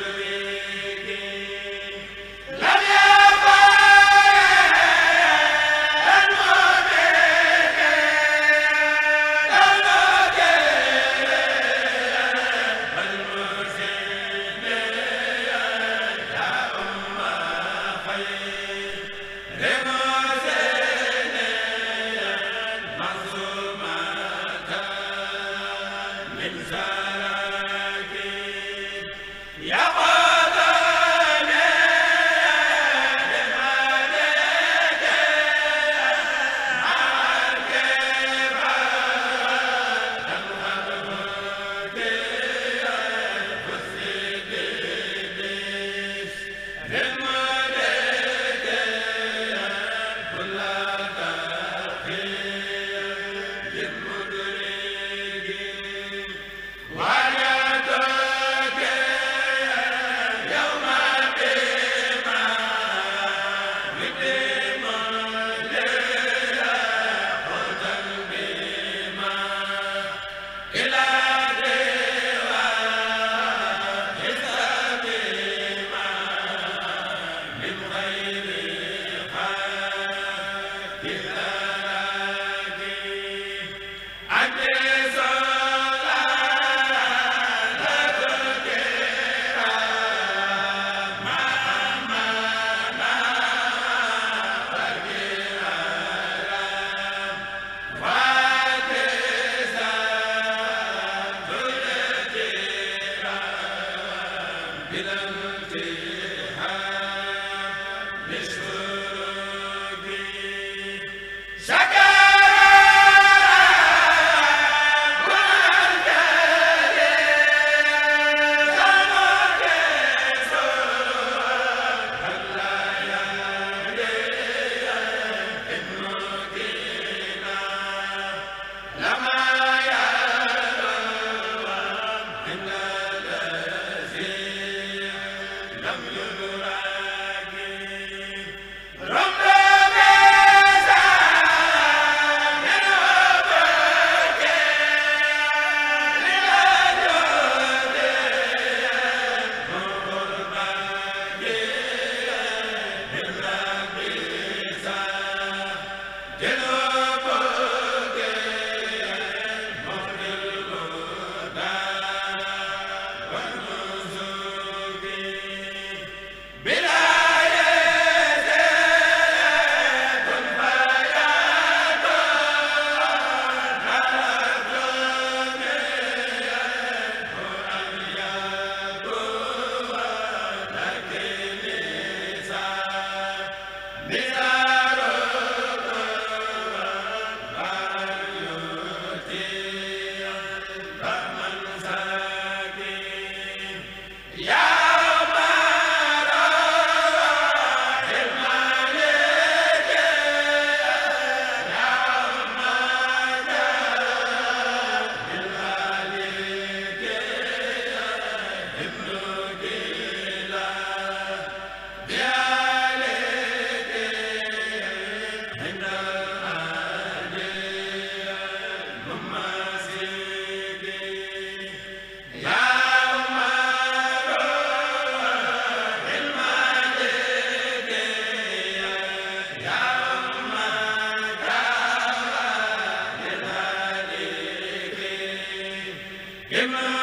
Monsieur ila la Amen